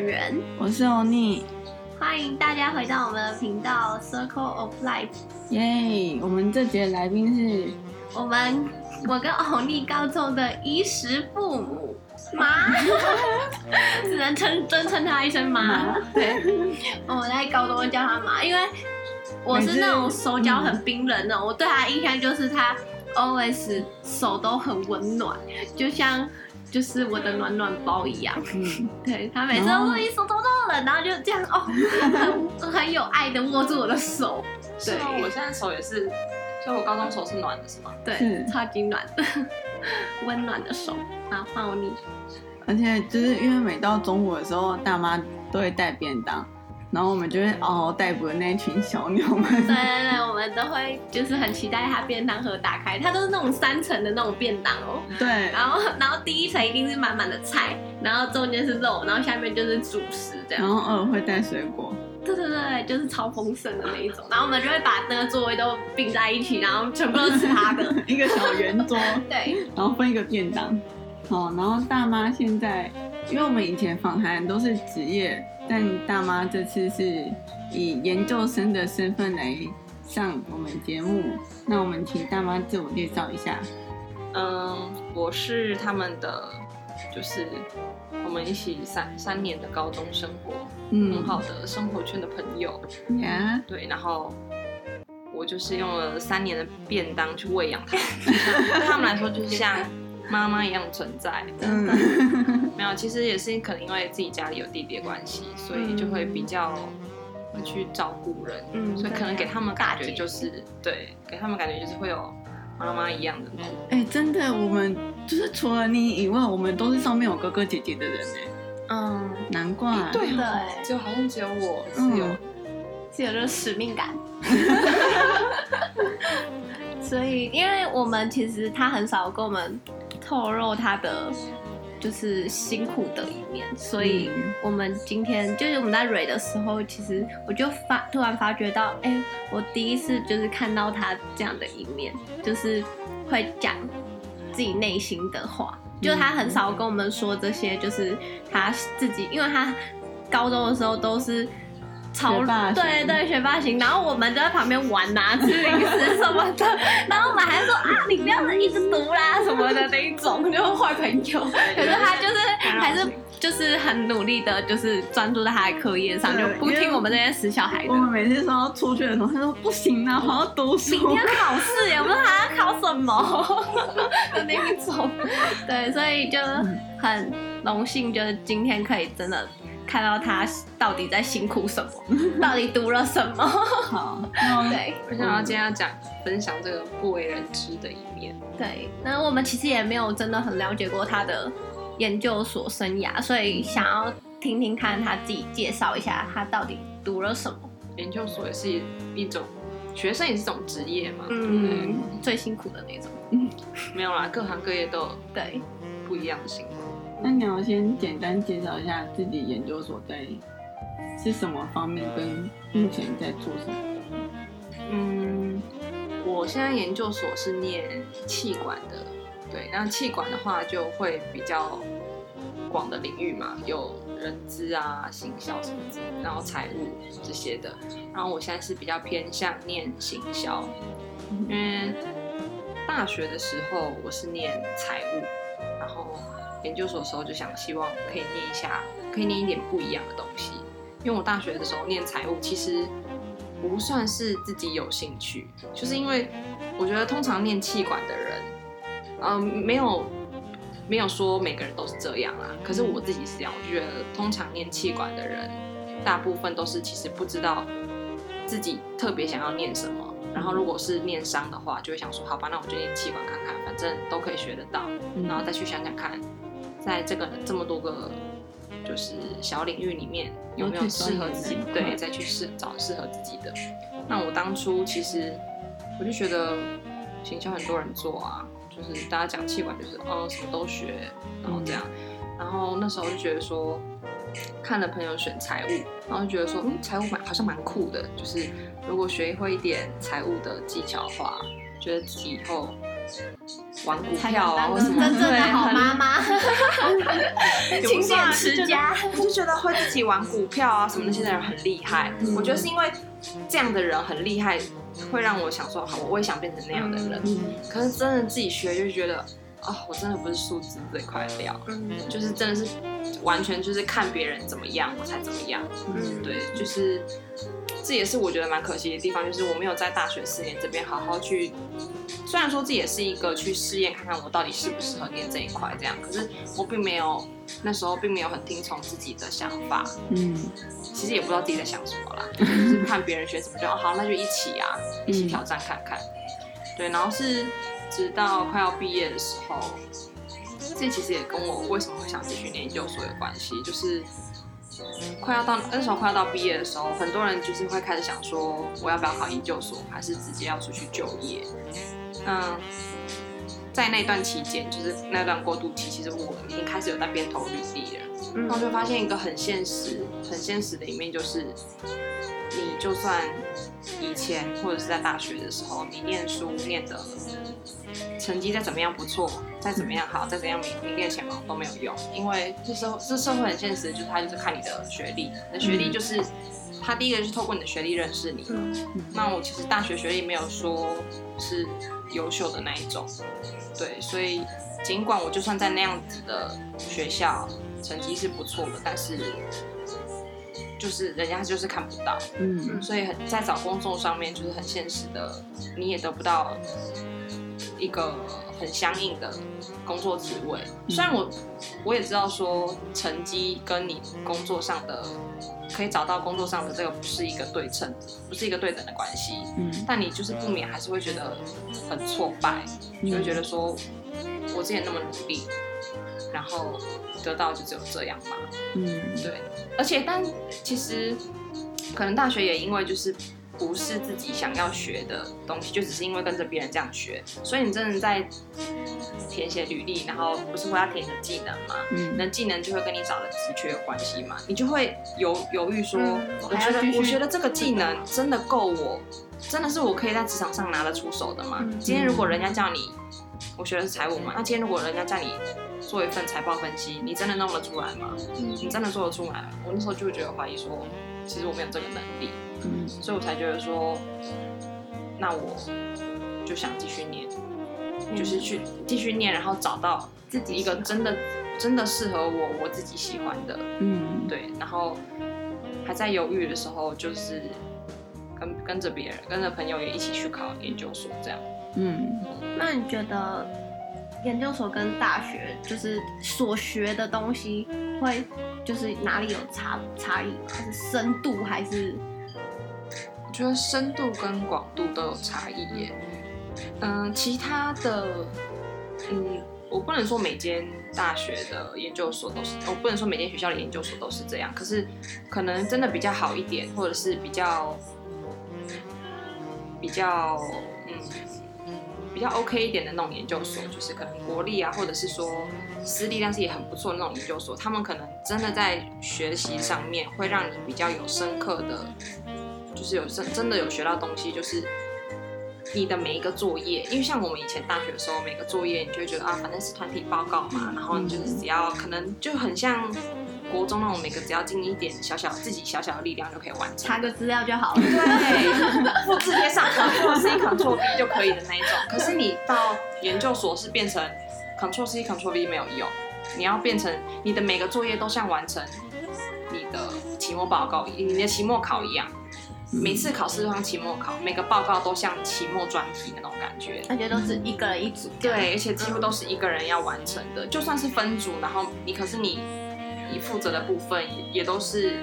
演我是歐尼，歡迎大家回到我們的頻道 Circle of Life。耶、yeah，我們這節來賓是，我們我跟歐尼高中的衣食父母，媽，只 能稱尊稱他一聲媽。我我在高中會叫他媽，因為我是那種手腳很冰冷的、哦，我對他印象就是他、嗯、always 手都很溫暖，就像。就是我的暖暖包一樣，嗯，對他每次都說一手都凍了，然後就這樣哦，哦，很很有愛的握住我的手。 對，我現在手也是，所以我高中手是暖的，是嗎？對，超級暖，溫暖的手，啊，好你，而且就是因為每到中午的時候，大媽都會帶便當。然後我們就會嗷嗷待哺的那一群小鳥們。對對對，我們都會就是很期待他便當盒打開，他都是那種三層的那種便當哦。對。然後然後第一層一定是滿滿的菜，然後中間是肉，然後下面就是主食這樣。然後偶爾會帶水果。對對對，就是超豐盛的那一種，啊。然後我們就會把那個座位都並在一起，然後全部都是他的。 一個小圓桌。 對。然後分一個便當。哦，然後大媽現在，因為我們以前訪談都是職業。但大媽這次是以研究生的身份來上我們節目，那我們請大媽自我介紹一下。嗯，我是他們的，就是我們一起三三年的高中生活，嗯，很好的生活圈的朋友。Yeah. 對，然後我就是用了三年的便當去餵養他們，對 他們來說就是像。媽媽一樣存在的，嗯、 沒有，其實也是可能因為自己家裡有弟弟的關係，所以就會比較會去照顧人，嗯，所以可能給他們感覺就是姐姐。對，給他們感覺就是會有媽媽一樣的苦。哎、欸，真的，我們就是除了你以外，我們都是上面有哥哥姐姐的人呢。嗯，難怪，欸、對，就好像只有我、嗯、是有，是有了使命感。 所以，因為我們其實他很少跟我們。透露他的就是辛苦的一面，所以我們今天就是我們在蕊的時候，其實我就發突然發覺到，哎、欸，我第一次就是看到他這樣的一面，就是會講自己內心的話，就他很少跟我們說這些，就是他自己，因為他高中的時候都是。超對，對對，學霸型，然後我們就在旁邊玩吶、啊，吃零食什麼的， 然後我們還說啊，你不要一直讀啦、啊，什麼的那一種，就是壞朋友。 可是他就是有有還是就是很努力的，就是專注在他的課業上，就不聽我們這些死小孩的。我們每次說要出去的時候，他說不行啊，我要讀書。明天考試耶 我們還要考什麼？的那一種。對，所以就很榮幸，就是今天可以真的。看到他到底在辛苦什麼， 到底讀了什麼？好，oh，對，我想要今天要講、嗯、分享這個不為人知的一面。對，那我們其實也沒有真的很了解過他的研究所生涯，所以想要聽聽看他自己介紹一下，他到底讀了什麼？研究所也是一種學生，也是一種職業嘛，嗯，對對，最辛苦的那種。嗯， 沒有啦，各行各業都對不一樣的辛苦。那你要先簡單介紹一下自己研究所在是什麼方面，跟目前在做什麼？嗯，我現在研究所是念企管的，對，那企管的話就會比較廣的領域嘛，有人資啊、行銷什麼的，然後財務這些的。然後我現在是比較偏向念行銷，因為大學的時候我是念財務，然後。研究所的時候就想，希望可以念一下，可以念一點不一樣的東西。因為我大學的時候念財務，其實我不算是自己有興趣，就是因為我覺得通常念企管的人，嗯、呃，沒有沒有說每個人都是這樣啦、啊。可是我自己是這樣，我就覺得通常念企管的人，大部分都是其實不知道自己特別想要念什麼。然後如果是念商的話，就會想說，好吧，那我就念企管看看，反正都可以學得到，然後再去想想看。在這個這麼多個就是小領域裡面，有沒有適合自己？對，再去試找適合自己的。那我當初其實我就覺得，行銷很多人做啊，就是大家講企管就是哦什麼都學，然後這樣。嗯。然後那時候就覺得說，看了朋友選財務，然後就覺得說，嗯，財務蠻好像蠻酷的，就是如果學會一點財務的技巧的話，覺得自己以後。玩股票啊什麼的，的好媽媽勤儉持家。我就， 就覺得會自己玩股票啊什麼的，現、嗯、在人很厲害、嗯。我覺得是因為這樣的人很厲害、嗯，會讓我想說，好，我也想變成那樣的人。嗯、可是真的自己學，就覺得啊、哦，我真的不是數字這塊料、嗯，就是真的是完全就是看別人怎麼樣，我才怎麼樣。嗯，就是、對，就是。這也是我覺得蠻可惜的地方，就是我沒有在大學四年這邊好好去，雖然說這也是一個去試驗看看我到底適不適合念這一塊這樣，可是我並沒有那時候並沒有很聽從自己的想法，嗯，其實也不知道自己在想什麼啦，就是看別人選什麼 就、啊、好，那就一起啊一起挑戰看看、嗯，對，然後是直到快要畢業的時候，這其實也跟我為什麼會想繼續念研究所有關係，就是。快要到那時候，快要到畢業的時候，很多人就是會開始想說，我要不要考研究所，還是直接要出去就業？嗯，在那段期間，就是那段過渡期，其實我已經開始有在邊投履歷了。嗯，我就發現一個很現實、很現實的一面，就是你就算以前或者是在大學的時候，你念書念的很。成績再怎麼樣不錯，再怎麼樣好，再怎樣名列前茅都沒有用，因為這社這社會很現實，就是他就是看你的學歷，那、嗯、學歷就是他第一個就是透過你的學歷認識你了、嗯。那我其實大學學歷沒有說是優秀的那一種，對，所以儘管我就算在那樣子的學校，成績是不錯的，但是就是人家就是看不到，嗯，所以在找工作上面就是很現實的，你也得不到一個很相應的工作職位，雖然我我也知道說成績跟你工作上的可以找到工作上的這個不是一個對稱，不是一個對等的關係，嗯，但你就是不免還是會覺得很挫敗，嗯、就會覺得說我之前那麼努力，然後得到就只有這樣嘛，嗯，對，而且但其實可能大學也因為就是。不是自己想要學的東西，就只是因為跟着別人這樣學，所以你真的在填寫履歷，然後不是會要填你的技能嘛？嗯，那技能就會跟你找的職缺有關係嘛？你就會猶猶豫說、嗯，我覺得我覺得這個技能真的夠我，真的是我可以在職場上拿得出手的嗎、嗯？今天如果人家叫你，我學的是財務嘛，那、啊、今天如果人家叫你做一份財報分析，你真的弄得出來嗎、嗯？你真的做得出來？我那時候就覺得懷疑說。其實我沒有這個能力，嗯，所以我才覺得說，那我就想繼續念，嗯，就是去繼續念，然後找到自己一個真的、真的適合我、我自己喜歡的，嗯，對。然後還在猶豫的時候，就是跟跟着別人、跟着朋友也一起去考研究所這樣，嗯。那你覺得？研究所跟大學就是所學的東西會就是哪裡有差差異，它是深度還是？我覺得深度跟廣度都有差異耶。嗯、呃，其他的，嗯，我不能說每間大學的研究所都是，我不能說每間學校的研究所都是這樣，可是可能真的比較好一點，或者是比較、嗯嗯、比較嗯。比較 OK 一點的那種研究所，就是可能國立啊，或者是說私立，但是也很不錯的那種研究所，他們可能真的在學習上面會讓你比較有深刻的，就是有真真的有學到的東西，就是你的每一個作業，因為像我們以前大學的時候，每個作業你就會覺得啊，反正是團體報告嘛，然後你就是只要可能就很像。國中那種每個只要盡一點小小自己小小的力量就可以完成，查個資料就好了，對，複製貼上，Ctrl C Ctrl V 就可以的那一種。可是你到研究所是變成 Ctrl C Ctrl V 沒有用，你要變成你的每個作業都像完成你的期末報告，你的期末考一樣，每次考試都像期末考，每個報告都像期末專題那種感覺。而且都是一個人一組，對，對而且幾乎都是一個人要完成的，嗯、就算是分組，然後你可是你。你負責的部分也也都是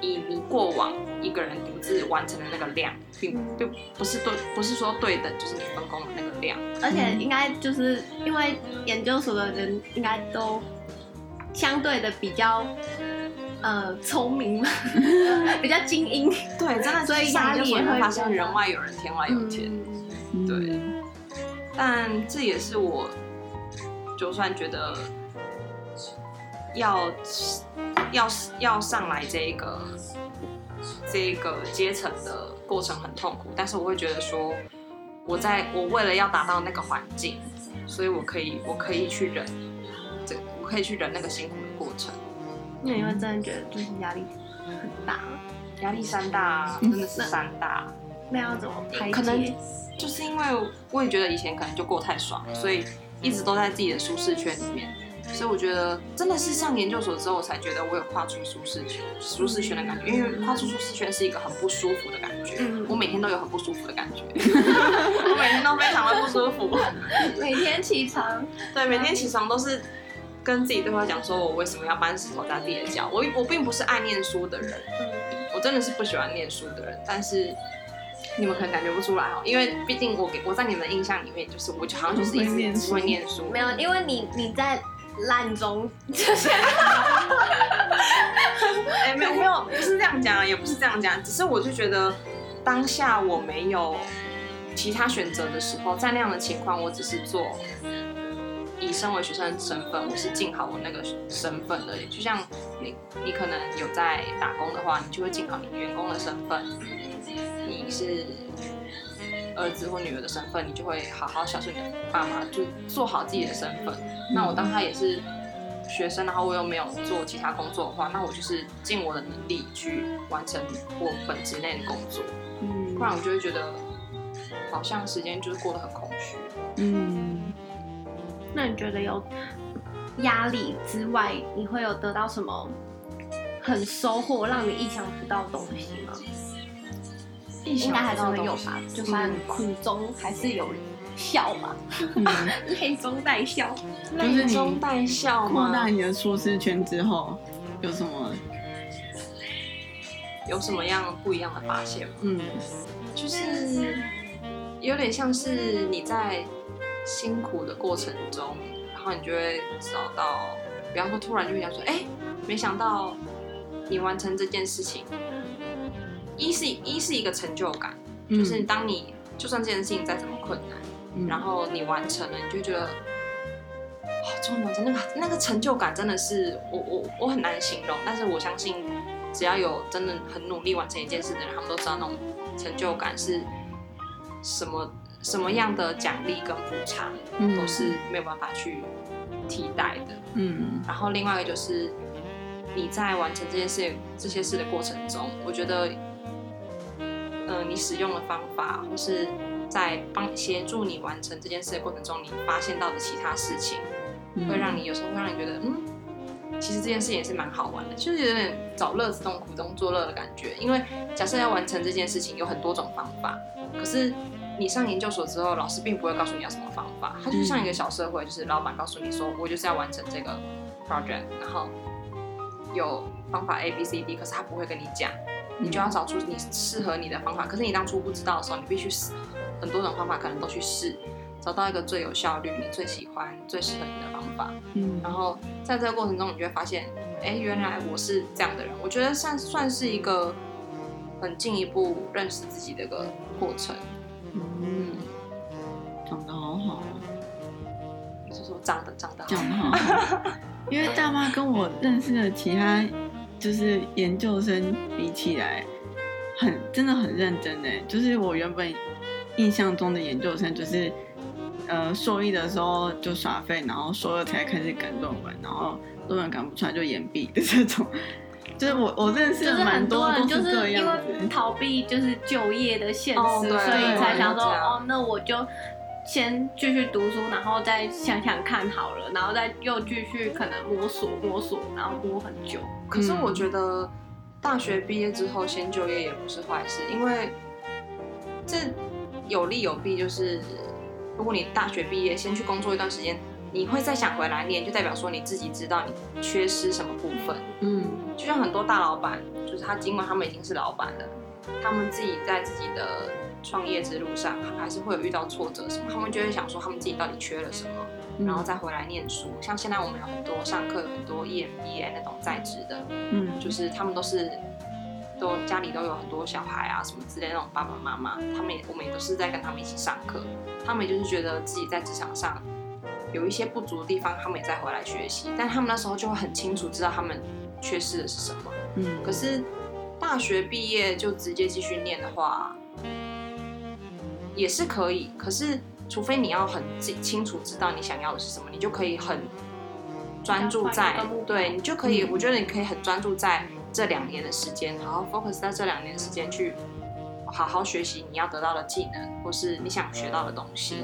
以你過往一個人獨自完成的那個量，並就不是對不是說對等，就是你分工的那個量。而且應該就是因為研究所的人應該都相對的比較呃聰明嘛， 比較精英。對，真的，所以壓力也會發現人外有人，天外有天。對、嗯，但這也是我就算覺得。要要要上來這一個這一個階層的過程很痛苦，但是我會覺得說，我在我為了要達到那個環境，所以我可以我可以去忍，這我可以去忍那個辛苦的過程。因為會真的覺得就是壓力很大，壓力山大，真的是山大。 那要怎麼排解？可能就是因為我也覺得以前可能就過太爽了，所以一直都在自己的舒適圈裡面。所以我覺得真的是上研究所之後，我才覺得我有跨出舒適圈，嗯、舒適圈的感覺。因為跨出舒適圈是一個很不舒服的感覺。嗯，我每天都有很不舒服的感覺，嗯、 我每天都非常的不舒服。每天起床， 對，每天起床都是跟自己對話，講說我為什麼要搬石頭砸自己的腳。我我並不是愛念書的人，我真的是不喜歡念書的人。嗯、但是你們可能感覺不出來哦，因為畢竟我給我在你們的印象裡面，就是我就好像就是一直只會念書、嗯，沒有，因為你你在。爛中這些，哎，沒有沒有，不是這樣講，也不是這樣講，只是我就覺得當下我沒有其他選擇的時候，在那樣的情況，我只是做以身為學生的身份，我是盡好我那個身份而已。就像你，你可能有在打工的話，你就會盡好你員工的身份，你是。兒子或女兒的身份，你就會好好孝順你的爸媽，就做好自己的身份。那我當他也是學生，然後我又沒有做其他工作的話，那我就是盡我的能力去完成我本職內的工作。嗯，不然我就會覺得好像時間就是過得很空虛。嗯，那你覺得有壓力之外，你會有得到什麼很收穫讓你意想不到的東西嗎？應該還是能有，嗯、算是有吧，嗯， 就是苦中還是有笑嘛，淚中帶笑。淚中帶笑嗎？擴大你的舒適圈之後，有什麼？有什麼樣不一樣的發現嗎？嗯，就是有點像是你在辛苦的過程中，然後你就會找到，比方說突然就會想說，哎，欸，沒想到你完成這件事情。一是一是一個成就感，嗯、就是當你就算這件事情再怎麼困難、嗯，然後你完成了，你就覺得好重要。真的、哦、那個，那個成就感真的是我我我很難形容。但是我相信，只要有真的很努力完成一件事的人，他們都知道那種成就感是什麼什麼樣的獎勵跟補償、嗯、都是沒有辦法去替代的。嗯，然後另外一個就是你在完成這件事這些事的過程中，我覺得。嗯、呃，你使用的方法，或是在幫協助你完成這件事的過程中，你發現到的其他事情，嗯、會讓你有時候會讓你覺得，嗯，其實這件事也是蠻好玩的，就是有點找樂子、這種苦中作樂的感覺。因為假設要完成這件事情，有很多種方法，可是你上研究所之後，老師並不會告訴你要什麼方法，他就是像一個小社會，就是老闆告訴你說，我就是要完成這個 project，然後有方法 A、B、C、D，可是他不會跟你講。你就要找出你適合你的方法，嗯。可是你當初不知道的時候，你必須試很多種方法，可能都去試，找到一個最有效率、你最喜歡、最適合你的方法。嗯。然後在這個過程中，你就會發現，哎、欸，原來我是這樣的人。我覺得算算是一個很進一步認識自己的一個過程。嗯，嗯長得好好。就是說長得長得好長得好好。 因為大媽跟我認識的其他。就是研究生比起來很，很真的很認真呢，就是我原本印象中的研究生，就是呃，碩一的時候就耍廢，然後碩二才開始趕論文，然後論文趕不出來就延畢的這種。就是我我認識多的就是很多人，就是因為逃避就是就業的現實、哦，所以才想說哦，那我就先繼續讀書，然後再想想看好了，然後再又繼續可能摸索摸索，然後摸很久。可是我覺得，大學畢業之後、嗯、先就業也不是壞事，因為這有利有弊。就是如果你大學畢業先去工作一段時間，你會再想回來念，你也就代表說你自己知道你缺失什麼部分。嗯，就像很多大老板，就是他儘管他們已經是老板了。他們自己在自己的創業之路上，還是會有遇到挫折什麼，他們就會想說他們自己到底缺了什麼，然後再回來念書。像現在我們有很多上課有很多 EMBA 那種在職的，嗯，就是他們都是都家裡都有很多小孩啊什麼之類的那種爸爸媽媽，他們也我們也都是在跟他們一起上課，他們就是覺得自己在職場上有一些不足的地方，他們也再回來學習，但他們那時候就會很清楚知道他們缺失的是什麼，嗯，可是。大學畢業就直接繼續念的話，也是可以。可是，除非你要很清楚知道你想要的是什麼，你就可以很專注在，對，你就可以，嗯。我覺得你可以很專注在這兩年的時間，然後 focus 在這兩年的時間去好好學習你要得到的技能或是你想學到的東西。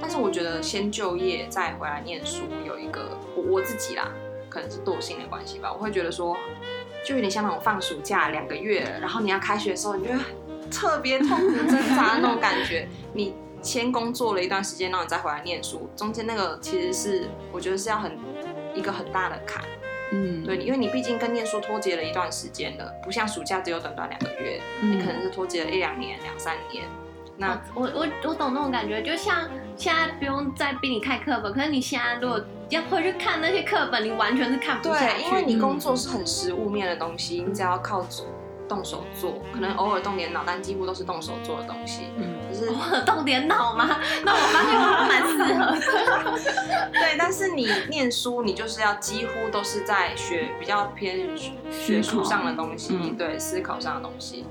但是，我覺得先就業再回來念書有一個我我自己啦，可能是惰性的關係吧。我會覺得說。就有點像那種放暑假兩個月，然後你要開學的時候，你就特別痛苦掙扎那種感覺。你先工作了一段時間，然後你再回來念書，中間那個其實是我覺得是要很一個很大的坎。嗯，對，因為你畢竟跟念書脫節了一段時間了，不像暑假只有短短兩個月、嗯，你可能是脫節了一兩年、兩三年。那我我我懂那種感覺，就像現在不用再逼你看課本，可是你現在如果要回去看那些課本，你完全是看不下去。對，因為你工作是很實物面的東西，嗯、你只要靠主動手做，可能偶爾動點腦，但幾乎都是動手做的東西。嗯。是、哦、動點腦嗎，嗎？那我發現我還蠻適合。 對，但是你念書，你就是要幾乎都是在學比較偏學術上的東西、嗯，對，思考上的東西，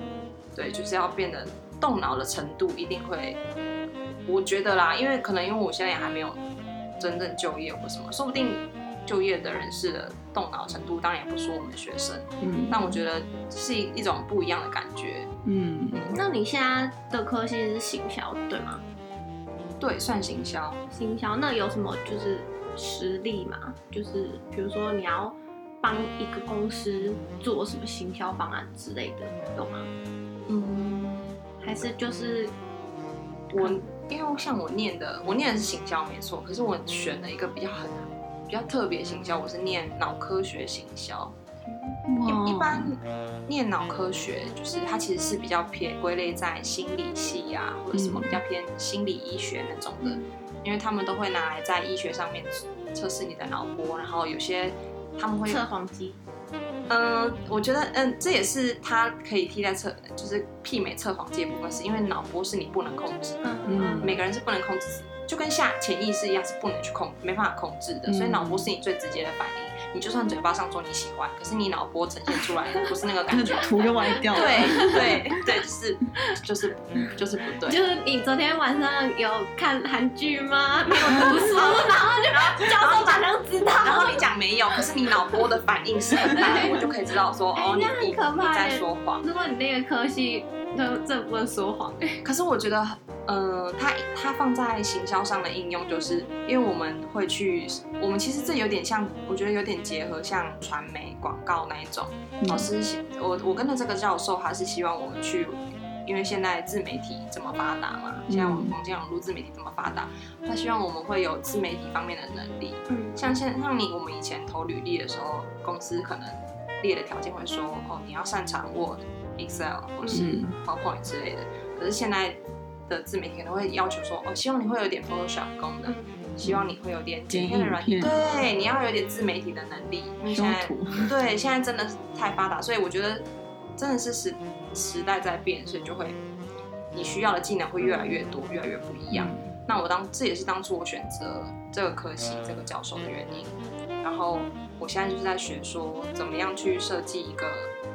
對，就是要變得。動腦的程度一定會，我覺得啦，因為可能因為我現在也還沒有真正就業或什麼，說不定就業的人士的動腦的程度當然也不輸我們學生，嗯，但我覺得是一種不一樣的感覺。嗯，嗯，那你現在的科系是行銷，對嗎？對，算行銷，行銷那有什麼就是實力嘛？就是比如說你要幫一個公司做什麼行銷方案之類的，有嗎？嗯。還是就是我，因為像我念的，我念的是行銷，沒錯。可是我選了一個比較很，比較特別的行銷，我是念腦科學行銷，wow. 一。一般念腦科學，就是它其實是比較偏歸類在心理系啊，或者什麼比較偏心理醫學那種的，嗯，因為他們都會拿來在醫學上面測試你的腦波，然後有些他們會測謊機。嗯，我覺得，嗯，這也是它可以替代測，就是媲美測謊這部分，是因為腦波是你不能控制的，嗯，每個人是不能控制，就跟下潛意識一樣，是不能去控，沒辦法控制的，所以腦波是你最直接的反應。你就算嘴巴上說你喜歡，可是你腦波呈現出來不是那個感覺， 就圖就歪掉了。對對對，就是就是、 嗯、就是不對。就是你昨天晚上有看韓劇嗎？沒有讀書， 然後就教授馬上知道。然後你講沒有，可是你腦波的反應是很大的， 我就可以知道說哦，欸、你你在說謊。如果你那一個科系。這麼說謊？可是我覺得，呃，他，他放在行銷上的應用，就是因為我們會去，我們其實這有點像，我覺得有點結合像傳媒廣告那一種。老師，我我跟着這個教授，他是希望我們去，因為現在自媒體這麼發達嘛，嗯、現在我們紅這樣錄，自媒體這麼發達，他希望我們會有自媒體方面的能力。嗯，像現像你我們以前投履歷的時候，公司可能列的條件會說，哦，你要擅長我。Excel 或是 PowerPoint 之類的、嗯，可是現在的自媒體都會要求說，哦，希望你會有點 Photoshop 功能、嗯，希望你會有點剪片的軟件，對，你要有點自媒體的能力。因為現在修圖、對，現在真的是太發達，所以我覺得真的是時時代在變，所以就會你需要的技能會越來越多，嗯、越來越不一樣。嗯、那我當這也是當初我選擇這個科系、這個教授的原因。然後我現在就是在學說怎麼樣去設計一個。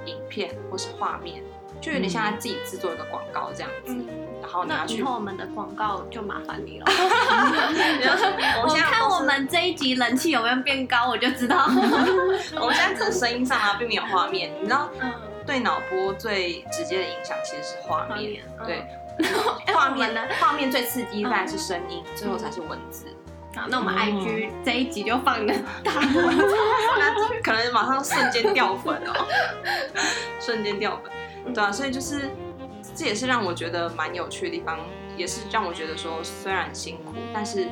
影片或是畫面，就有點像他自己製作一個廣告這樣子，嗯、然後拿去。然、嗯、後我們的廣告就麻煩你了。 我們看我們這一集人氣有沒有變高，我就知道。 我們現在這個聲音上啊，並沒有畫面、嗯。你知道，嗯、對腦波最直接的影響其實是畫面，面，對。畫、嗯、面呢？畫、嗯、面最刺激的還、嗯、是聲音、嗯，最後才是文字。啊、那我們 I G 這一集就放個大、Oh. 啊，可能馬上瞬間掉粉哦，瞬間掉粉。對啊，所以就是這也是讓我覺得蠻有趣的地方，也是讓我覺得說雖然辛苦，但是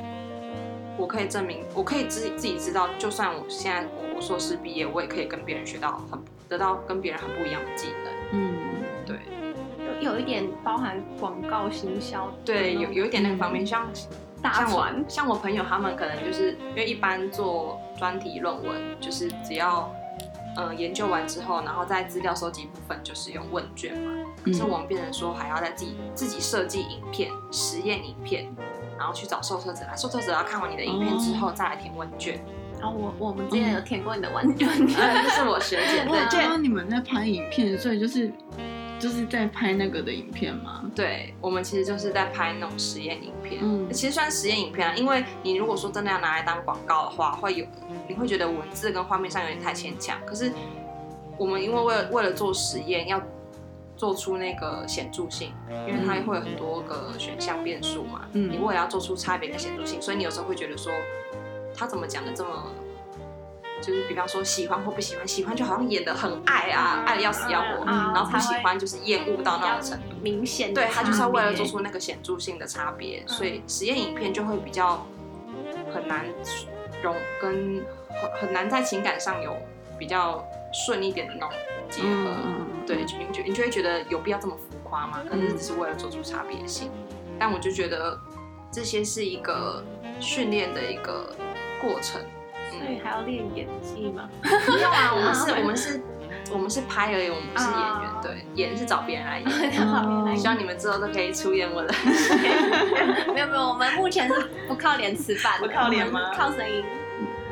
我可以證明，我可以自己自己知道，就算我現在我碩士畢業，我也可以跟別人學到很得到跟別人很不一樣的技能。嗯，對，有有一點包含廣告行銷，對，有有，有一點那個方面像。嗯大媽，像我像我朋友他們可能就是因為一般做專題論文，就是只要、呃、研究完之後，然後在資料收集部分就是用問卷嘛、嗯，可是我們變成說還要在自己自己設計影片實驗影片，然後去找受測者來，受測者要看完你的影片之後、哦、再來填問卷。然後、啊、我我們之前有填過你的問卷，嗯 嗯、是我學姐。而 且你們在拍影片，所以就是。就是在拍那個的影片嗎？對，我們其實就是在拍那種實驗影片。嗯，其實算實驗影片啊，因為你如果說真的要拿來當廣告的話，會有你會覺得文字跟畫面上有點太牽強。可是我們因為為了為了做實驗，要做出那個顯著性，因為它會有很多個選項變數嘛，嗯，你為了要做出差別的顯著性，所以你有時候會覺得說他怎麼講的這麼。就是比方說喜歡或不喜歡，喜歡就好像演得很愛啊，愛的要死要活，嗯，然後不喜歡就是厭惡到那個程度，明顯對他就是要為了做出那個顯著性的差別，嗯，所以實驗影片就會比較很難容跟很很難在情感上有比較順一點的那種結合，嗯，對，你覺你就會覺得有必要這麼浮誇嗎？可能只是為了做出差別性，但我就覺得這些是一個訓練的一個過程。對，還要練演技嗎？不用啊，我們是， 我們是，我們是拍而已，我們不是演員。對，uh, 演是找別人來演，希、uh, 望、uh, 你們之後都可以出演我的、okay. 嗯。沒有沒有，我們目前是不靠臉吃飯，不靠臉嗎？靠聲音。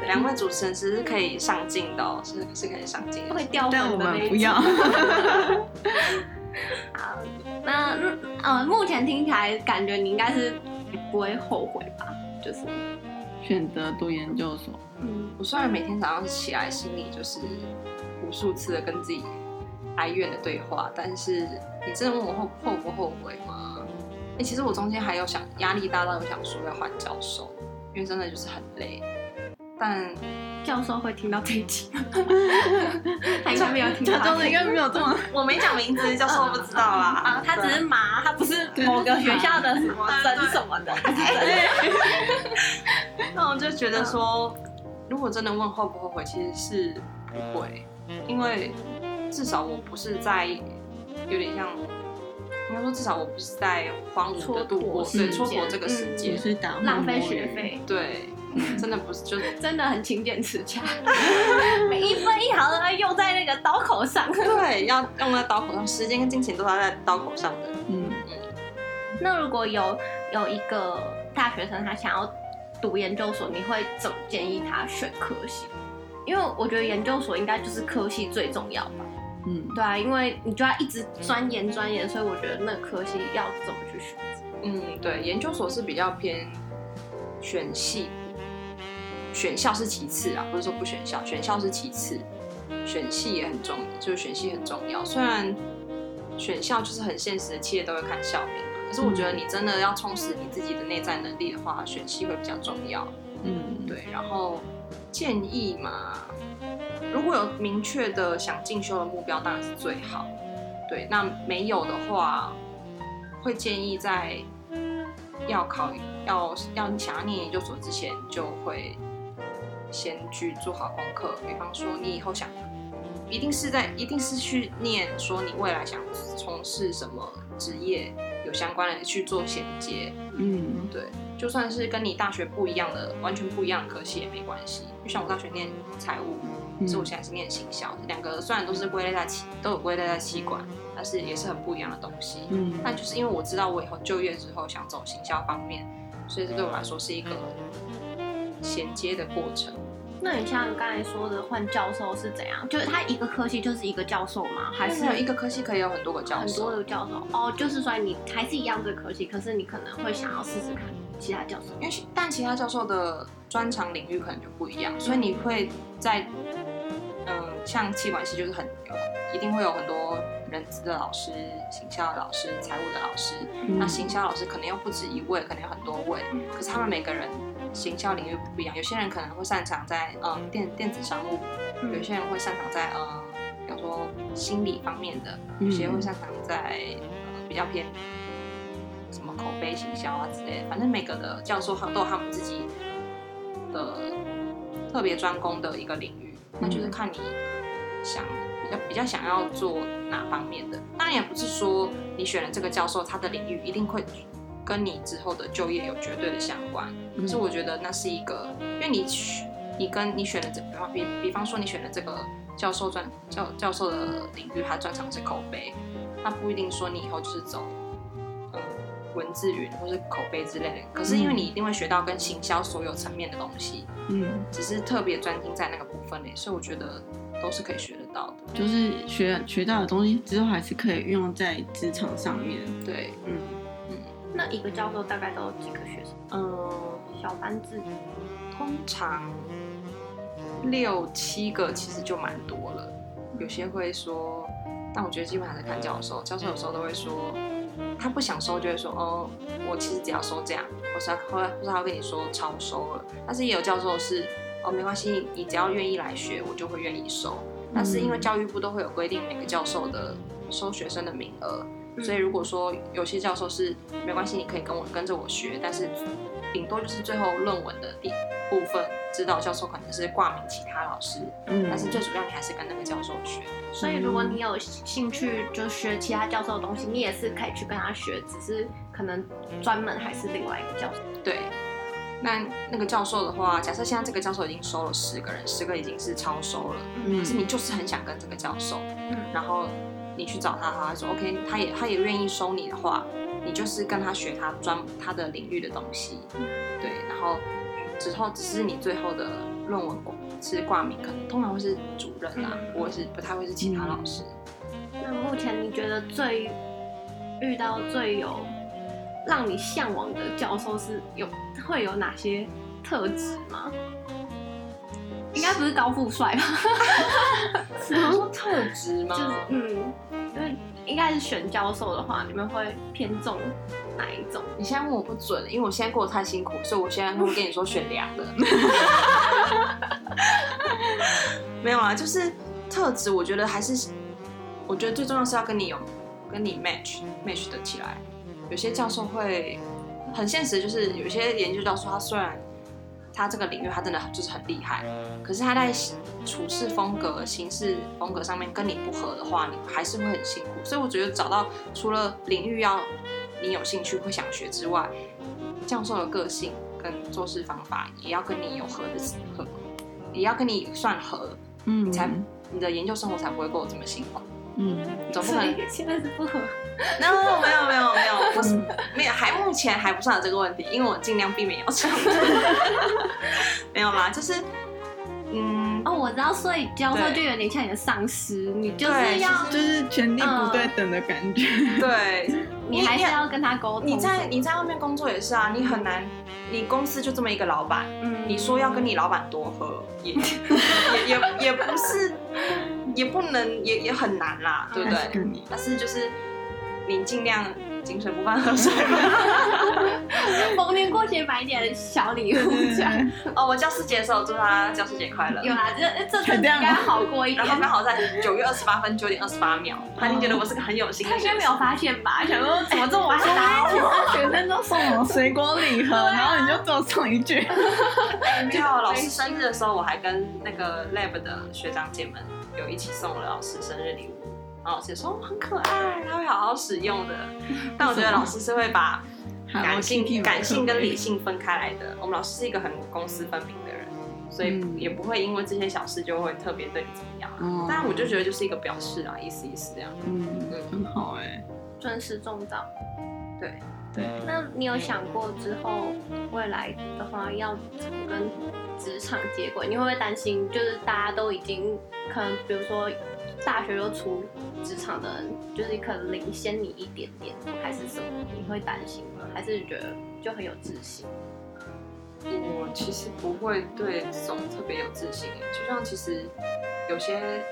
兩位主持人其實是可以上鏡的、哦，是是可以上鏡。會掉粉的。但我們不要。 好，那、呃、目前聽起來感覺你應該是不會後悔吧？就是選擇讀研究所。嗯、我雖然每天早上起來，心裡就是無數次的跟自己哀怨的對話，但是你真的問我後後不後悔嗎？欸、其實我中間還有想壓力大到有想說要換教授，因為真的就是很累。但教授會聽到這一集 他應該沒有聽到。教授應該沒有這麼， 我沒講名字， 教授我不知道啦。啊，啊啊他只是麻，他不是某個學校的什麼生、啊、什麼的。的 那我就覺得說。如果真的問後不後悔，其實是不會，因為至少我不是在有點像，應該說至少我不是在荒蕪的度過，過對，錯過這個時間。嗯、我浪費學費，對，真的不是就，就 是真的很勤儉持家， 每一分一毫都要用在那個刀口上， 對，要用在刀口上，時間跟金錢都要在刀口上的，嗯嗯。那如果有有一個大學生，他想要。讀研究所，你會怎麼建議他選科系？因為我覺得研究所應該就是科系最重要吧。嗯，對啊，因為你就要一直鑽研鑽研，所以我覺得那科系要怎麼去選擇？嗯，對，研究所是比較偏選系，選校是其次啊，不是說不選校，選校是其次，選系也很重要，就是選系很重要。雖然選校就是很現實，企業都會看校名。可是我覺得你真的要充實你自己的內在能力的話，選系會比較重要。嗯，對。然後建議嘛，如果有明確的想進修的目標，當然是最好。對，那沒有的話，會建議在要考要要想要念研究所之前，就會先去做好功課。比方說，你以後想，一定是在一定是去念說你未來想從事什麼職業，有相關的去做銜接，嗯，對，就算是跟你大學不一樣的，完全不一樣的科系也沒關係。就像我大學念財務，是、嗯、我現在是念行銷，兩個雖然都是歸類在企，都有歸類在企管，但是也是很不一樣的東西。嗯，但就是因為我知道我以後就業之後想走行銷方面，所以這對我來說是一個銜接的過程。那你像剛才說的換教授是怎樣？就是他一個科系就是一個教授嗎？還是有一個科系可以有很多個教授？啊、很多個教授哦，oh, 就是說你還是一樣的科系，可是你可能會想要試試看其他教授，因為但其他教授的專長領域可能就不一樣，所以你會在嗯，像企管系就是很有一定會有很多人資的老師、行銷的老師、財務的老師，嗯、那行銷老師可能又不止一位，可能有很多位，嗯、可是他們每個人。行銷領域不一樣，有些人可能會擅長在呃、嗯、電電子商務，有些人會擅長在呃、嗯，比如說心理方面的，有些人會擅長在、嗯、比較偏什麼口碑行銷啊之類的。反正每個的教授好都有他們自己的特別專攻的一個領域，那就是看你想比較比較想要做哪方面的。當然也不是說你選了這個教授，他的領域一定會跟你之後的就業有絕對的相關。可、嗯、是我覺得那是一個，因為你你跟你選的這比方比比方說你選的這個教授專教教授的領域，他專長是口碑，那不一定說你以後就是走、呃、文字雲或是口碑之類的。可是因為你一定會學到跟行銷所有層面的東西，嗯，只是特別專精在那個部分裡、欸。所以我覺得都是可以學得到的，就是學學到的東西之後還是可以運用在職場上面，對，嗯嗯。那一個教授大概都有幾個學生？嗯。小班制，通常六七個其實就蠻多了。有些會說，但我覺得基本上是看教授。教授有時候都會說，他不想收就會說：“哦，我其實只要收這樣。”或是他後來，或是他會跟你說超收了。但是也有教授是：“哦，沒關係，你只要願意來學，我就會願意收。”但是因為教育部都會有規定每個教授的收學生的名額，所以如果說有些教授是“沒關係，你可以跟我跟着我學”，但是。頂多就是最後論文的第部分，指導教授可能是掛名其他老師，嗯，但是最主要你還是跟那個教授學所、嗯。所以如果你有興趣就學其他教授的東西，你也是可以去跟他學，只是可能專門還是另外一個教授。對，那那個教授的話，假設現在這個教授已經收了十個人，十個已經是超收了，嗯、可是你就是很想跟這個教授，嗯、然後你去找他，他說 OK，他也他也願意收你的話。你就是跟他學他專他的領域的東西，對，然後之後只是你最後的論文是掛名，可能通常會是主任啊，或、嗯、是、嗯、不太會是其他老師、嗯。那目前你覺得最遇到最有讓你嚮往的教授是有會有哪些特質嗎？應該不是高富帥吧？只能 說特質嗎、就是？嗯。應該是選教授的話，你們會偏重哪一種？你現在問我不準，因為我現在過得太辛苦，所以我現在會跟你說選兩個。 沒有啊，就是特質，我覺得還是，我覺得最重要是要跟你有跟你 match、嗯、match 的起來。有些教授會很現實，就是有些研究教授他雖然。他這個領域，他真的就是很厲害。可是他在處事風格、行事風格上面跟你不合的話，你還是會很辛苦。所以我覺得找到除了領域要你有興趣、會想學之外，教授的個性跟做事方法也要跟你有合的合，也要跟你算合，嗯，你才你的研究生生活才不會過得這麼辛苦。嗯，總在是不合、嗯 嗯。沒有沒有沒有，不是沒有，還目前還不算有這個問題，因為我儘量避免要吃。 沒有嗎就是，嗯。哦，我知道，所以教授就有點像你的上司，你就是要就是權力不對等的感覺。嗯嗯、對，就是、你還是要跟他溝通 你。你在你在外面工作也是啊，你很難，你公司就這麼一個老板，嗯，你說要跟你老板多喝，嗯、也 也也,也不是。也不能，也也很難啦，嗯、對不對？但是就是你盡量井水不犯河水嘛。逢 年過節買一點小禮物。嗯、這樣哦，我教師節的時候祝 他教師節快樂。有啦、啊，這這真的應該好過一點。哦、 然後剛好在九月二十八分九點二十八秒，他 一、啊、覺得我是個很有心。他應該沒有發現吧？ 想說怎麼這麼愛答？生啊生啊、學生都送我水果禮盒、 啊，然後你就多送一句。對 後、欸、沒 老師生日的時候我還跟那個 lab 的學長姐們。有一起送了老師生日禮物，然後老師也說、哦、很可愛，他會好好使用的。但我覺得老師是會把感性、感性跟理性分開來的。我們老師是一個很公私分明的人，所以也不會因為這些小事就會特別對你怎麼樣、啊嗯。但我就覺得就是一個表示啊，意思意思這樣。嗯嗯，很好哎，尊師重道，對。嗯，那你有想過之後未來的話要怎麼跟職場接軌？你會不會擔心，就是大家都已經可能，比如說大學都出職場的人，就是可能領先你一點點，還是什麼？你會擔心嗎？還是覺得就很有自信？我其實不會對這種特別有自信欸，就像其實有些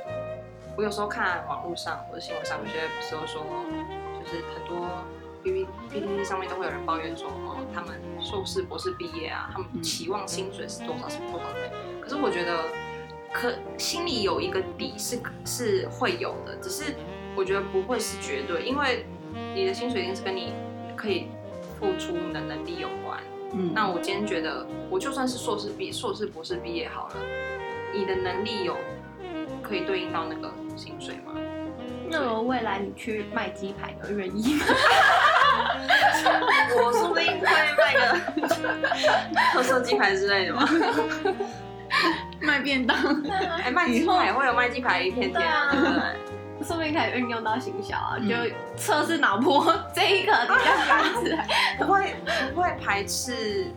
我有時候看網絡上或者新聞上有些時候說就是很多。為 t v 上面都會有人抱怨說，哦，他們碩士、博士畢業啊，他們期望薪水是多少是多少的，嗯。可是我覺得可，可心裡有一個底是是會有的，只是我覺得不會是絕對，因為你的薪水一定是跟你可以付出的能力有關。嗯，那我今天覺得，我就算是碩士畢碩士、博士畢業好了，你的能力有可以對應到那個薪水嗎？那我未來你去賣雞排的原因？ 我說不定會賣個特色雞排之類的嗎？ 賣便當，哎、欸，以後也會有賣雞排一片片的，對不、啊、對？說不定可以運用到行銷啊，嗯、就測試腦波這一個比較有意思會不會排斥？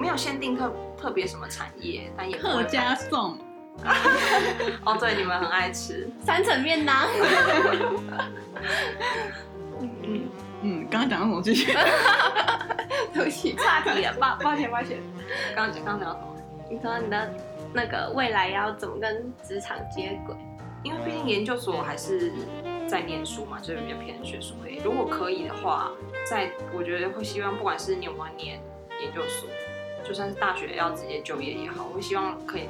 沒有限定特特別什麼產業，但也客家送， 哦，對，你們很愛吃三層麵囊， 嗯。剛剛講到什麼劇情？ 對不起，岔題了，抱歉抱歉。剛剛講到什麼？你說你的那個未來要怎麼跟職場接軌？因為畢竟研究所還是在念書嘛，就是、比較偏學術類。如果可以的話，在我覺得會希望，不管是你有沒有念研究所，就算是大學要直接就業也好，我希望可以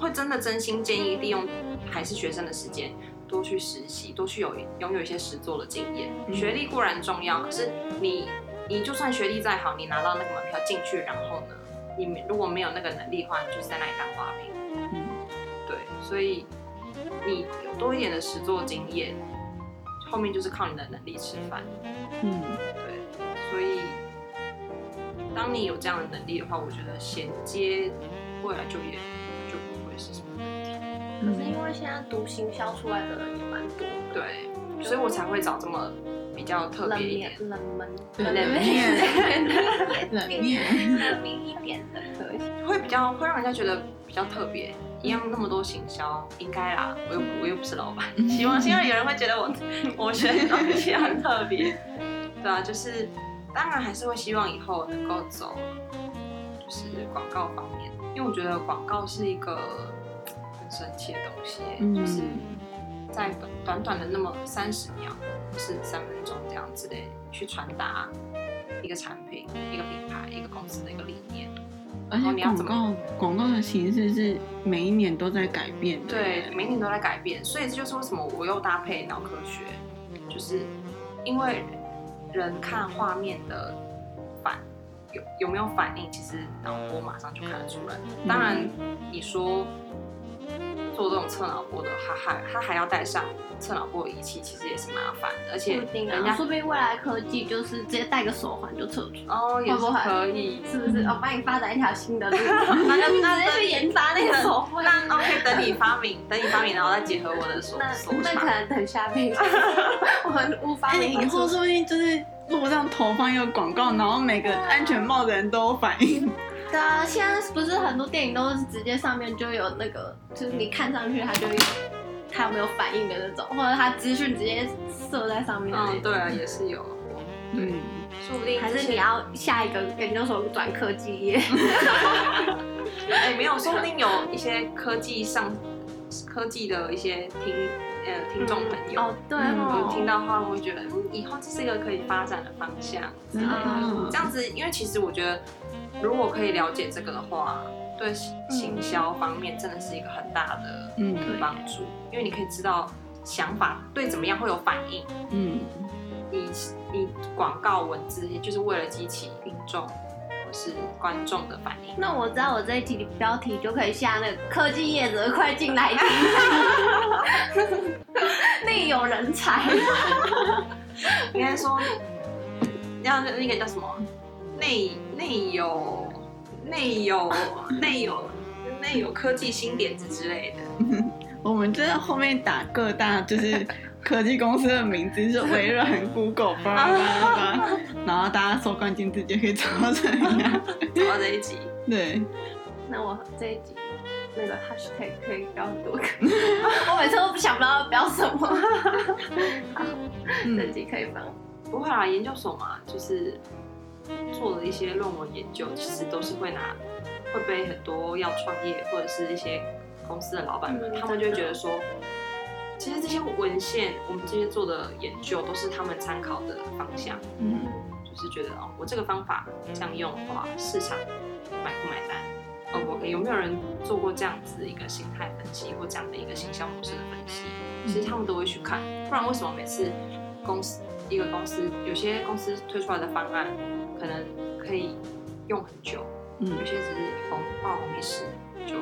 會真的真心建議利用還是學生的時間，多去實習，多去有擁有一些實作的經驗、嗯。學歷固然重要，可是你你就算學歷再好，你拿到那個門票進去，然後呢，你如果沒有那個能力的話，你就是在那裡當花瓶。嗯，對，所以你有多一點的實作經驗，後面就是靠你的能力吃飯。嗯，對，所以當你有這樣的能力的話，我覺得銜接未來就業就不會是可是因為現在讀行銷出來的人也蠻多的，嗯、對，所以我才會找這麼比較特別一點、冷門、 冷門、冷門、冷門、冷門、冷門、冷門，會比較會讓人家覺得比較特別，一樣那麼多行銷，應該啦，我又我又不是老闆，希望因為有人會覺得我我學的東西很特別， 對啊，就是當然還是會希望以後能夠走就是廣告方面，因為我覺得廣告是一個。神奇的東西、欸嗯，就是在短短的那麼三十秒，或是三分鐘這樣子的去傳達一個產品、一個品牌、一個公司的一個理念。而且廣告廣告的形式是每一年都在改變。對，對每一年都在改變。所以這就是為什麼我又搭配腦科學，就是因為人看畫面的反有有沒有反應，其實腦波馬上就看得出來。嗯、當然你說。做這種測腦波的，還還他還要帶上測腦波儀器，其實也是麻煩。而且人家不定說不定未來科技就是直接戴個手環就測出來。哦，也可以，是不是？嗯、哦，幫你發展一條新的路 那就 那。那就那就研發那個手環。那 但 OK，等你發明，等你發明，然後再結合我的手手環。 那那可能等下輩子。 我很無法出來。哎、欸，你說說不定就是路上投放一個廣告，然後每個安全帽的人都有反應。 對、嗯、啊，現在不是很多電影都是直接上面就有那個，就是你看上去他就他有沒有反應的那種，或者他資訊直接設在上面。哦、嗯，對啊，也是有。對、嗯。說不定是還是你要下一個研究所轉科技業。哎、 欸，沒有，說不定有一些科技上科技的一些聽呃聽眾朋友、嗯、哦，對哦，嗯，然後聽到的話我會覺得以後這是一個可以發展的方向之這樣子、嗯，因為其實我覺得。如果可以了解這個的話，對行銷方面真的是一個很大的幫助，嗯，因為你可以知道想法對怎麼樣會有反應。嗯，你你廣告文字也就是為了激起聽眾或是觀眾的反應。那我知道我這一題的標題就可以下那個科技業者快進來一，內 有人才。 應該說，那那個叫什麼？內內有內有內 有內有科技新點子之類的。我們就在後面打各大就是科技公司的名字，是 微軟、Google 吧吧吧。 然後大家搜關鍵字就可以做這找到這一集。對。那我這一集那個 hashtag 可以標很多個， 我每次都不想不到標什麼。這一集可以標。不會啊，研究所嘛，就是。做的一些論文研究，其實都是會拿、會被很多要創業或者是一些公司的老闆們、嗯，他們就會覺得說，嗯、其實這些文獻，我們這些做的研究都是他們參考的方向。嗯，就是覺得哦，我這個方法這樣用的話，市場買不買單？哦我、欸、有沒有人做過這樣子一個形態分析或這樣的一個形象模式的分析，嗯？其實他們都會去看，不然為什麼每次公司一個公司有些公司推出來的方案？可能可以用很久，有、嗯、些只是紅暴，沒事就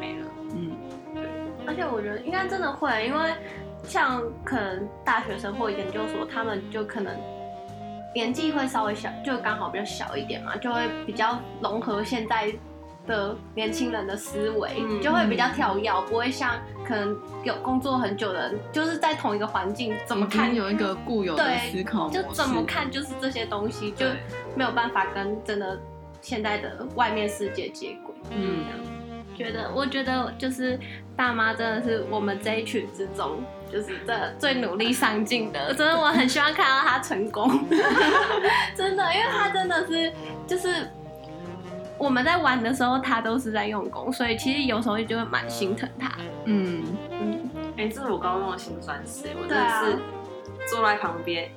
沒了。嗯，對。而且我覺得應該真的會，因為像可能大學生或研究所，他們就可能年紀會稍微小，就剛好比較小一點嘛，就會比較融合現在的年輕人的思維、嗯、就會比較跳躍，不會像可能有工作很久的人，就是在同一個環境怎麼看有一個固有的思考，就怎麼看就是這些東西就沒有辦法跟真的現在的外面世界接軌、啊。嗯，覺得我覺得就是大媽真的是我們這一群之中，就是這最努力上進的， 真的我很希望看到她成功， 真的，因為她真的是就是，我們在玩的時候，他都是在用功，所以其實有時候就會蠻心疼他。嗯嗯，哎、欸，這是我高中的心酸事，啊、我真的是坐在旁邊。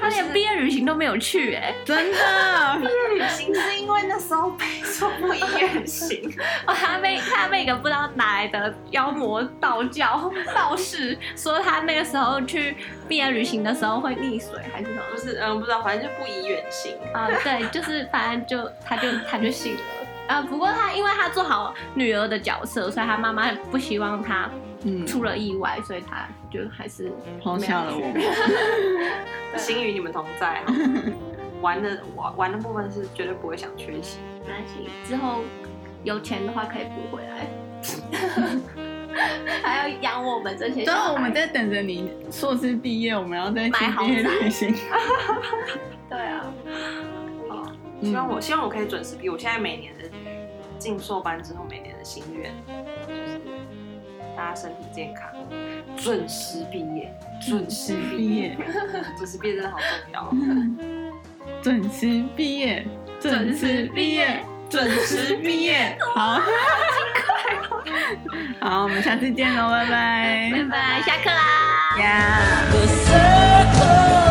他連畢業旅行都沒有去、欸，哎，真的，畢 業旅行是因為那時候被說不宜遠行。 哦，他被 他被一個不知道哪來的妖魔道教道士說他那個時候去畢業旅行的時候會溺水還是什麼？不、 就是，嗯，不知道，反正就不宜遠行啊。對，就是反正就他就他就信了。啊、嗯！不過他，因為他做好女兒的角色，所以他媽媽不希望他嗯，出了意外、嗯，所以他就還是拋下了我們。心 與、啊、你們同在、喔， 玩的玩玩的部分是絕對不會想缺席。那行，之後有錢的話可以補回來， 還要養我們這些。所以我們在等着你碩士畢業，我們要再買豪宅才行。 對啊，好，希望我希望我可以準時畢業。我現在每年，進碩班之後，每年的心願就是大家身體健康，準時畢業，準時畢業，準時畢業真的好重要，準時畢業，準時畢業，準時畢業，畢業畢業畢業 好，好、喔，好，我們下次見嘍，拜拜，拜拜，下課啦，呀、yeah.。